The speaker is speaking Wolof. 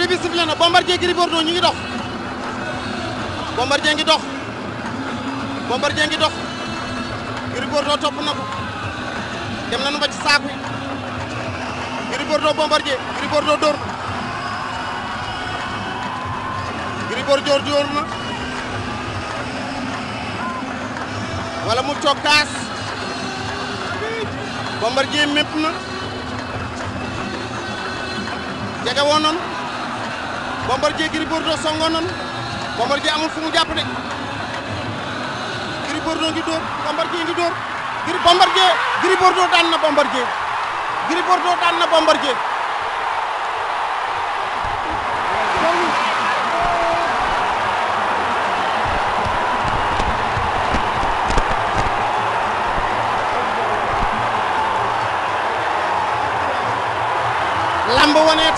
arbitre bi sifflé na ñu ngi dox Bombardier ngi dox Bombardier ngi dox Gris Bordeaux topp na ko dem nañu ba ci saaku yi Gris Bordeaux Bombardier Gris dóor Gris Bordeaux dóor na wala mu cokkaas Bombardier mépp na jege woon Bombardier Gris Bordeaux songoon nañu Bombardier amul fu mu jàpp de Gris Bordeaux ngi dóor Bombardier ngi dóor Gris Bombardier Gris Bordeaux daan na Bombardier Gris Bordeaux na Bombardier lamb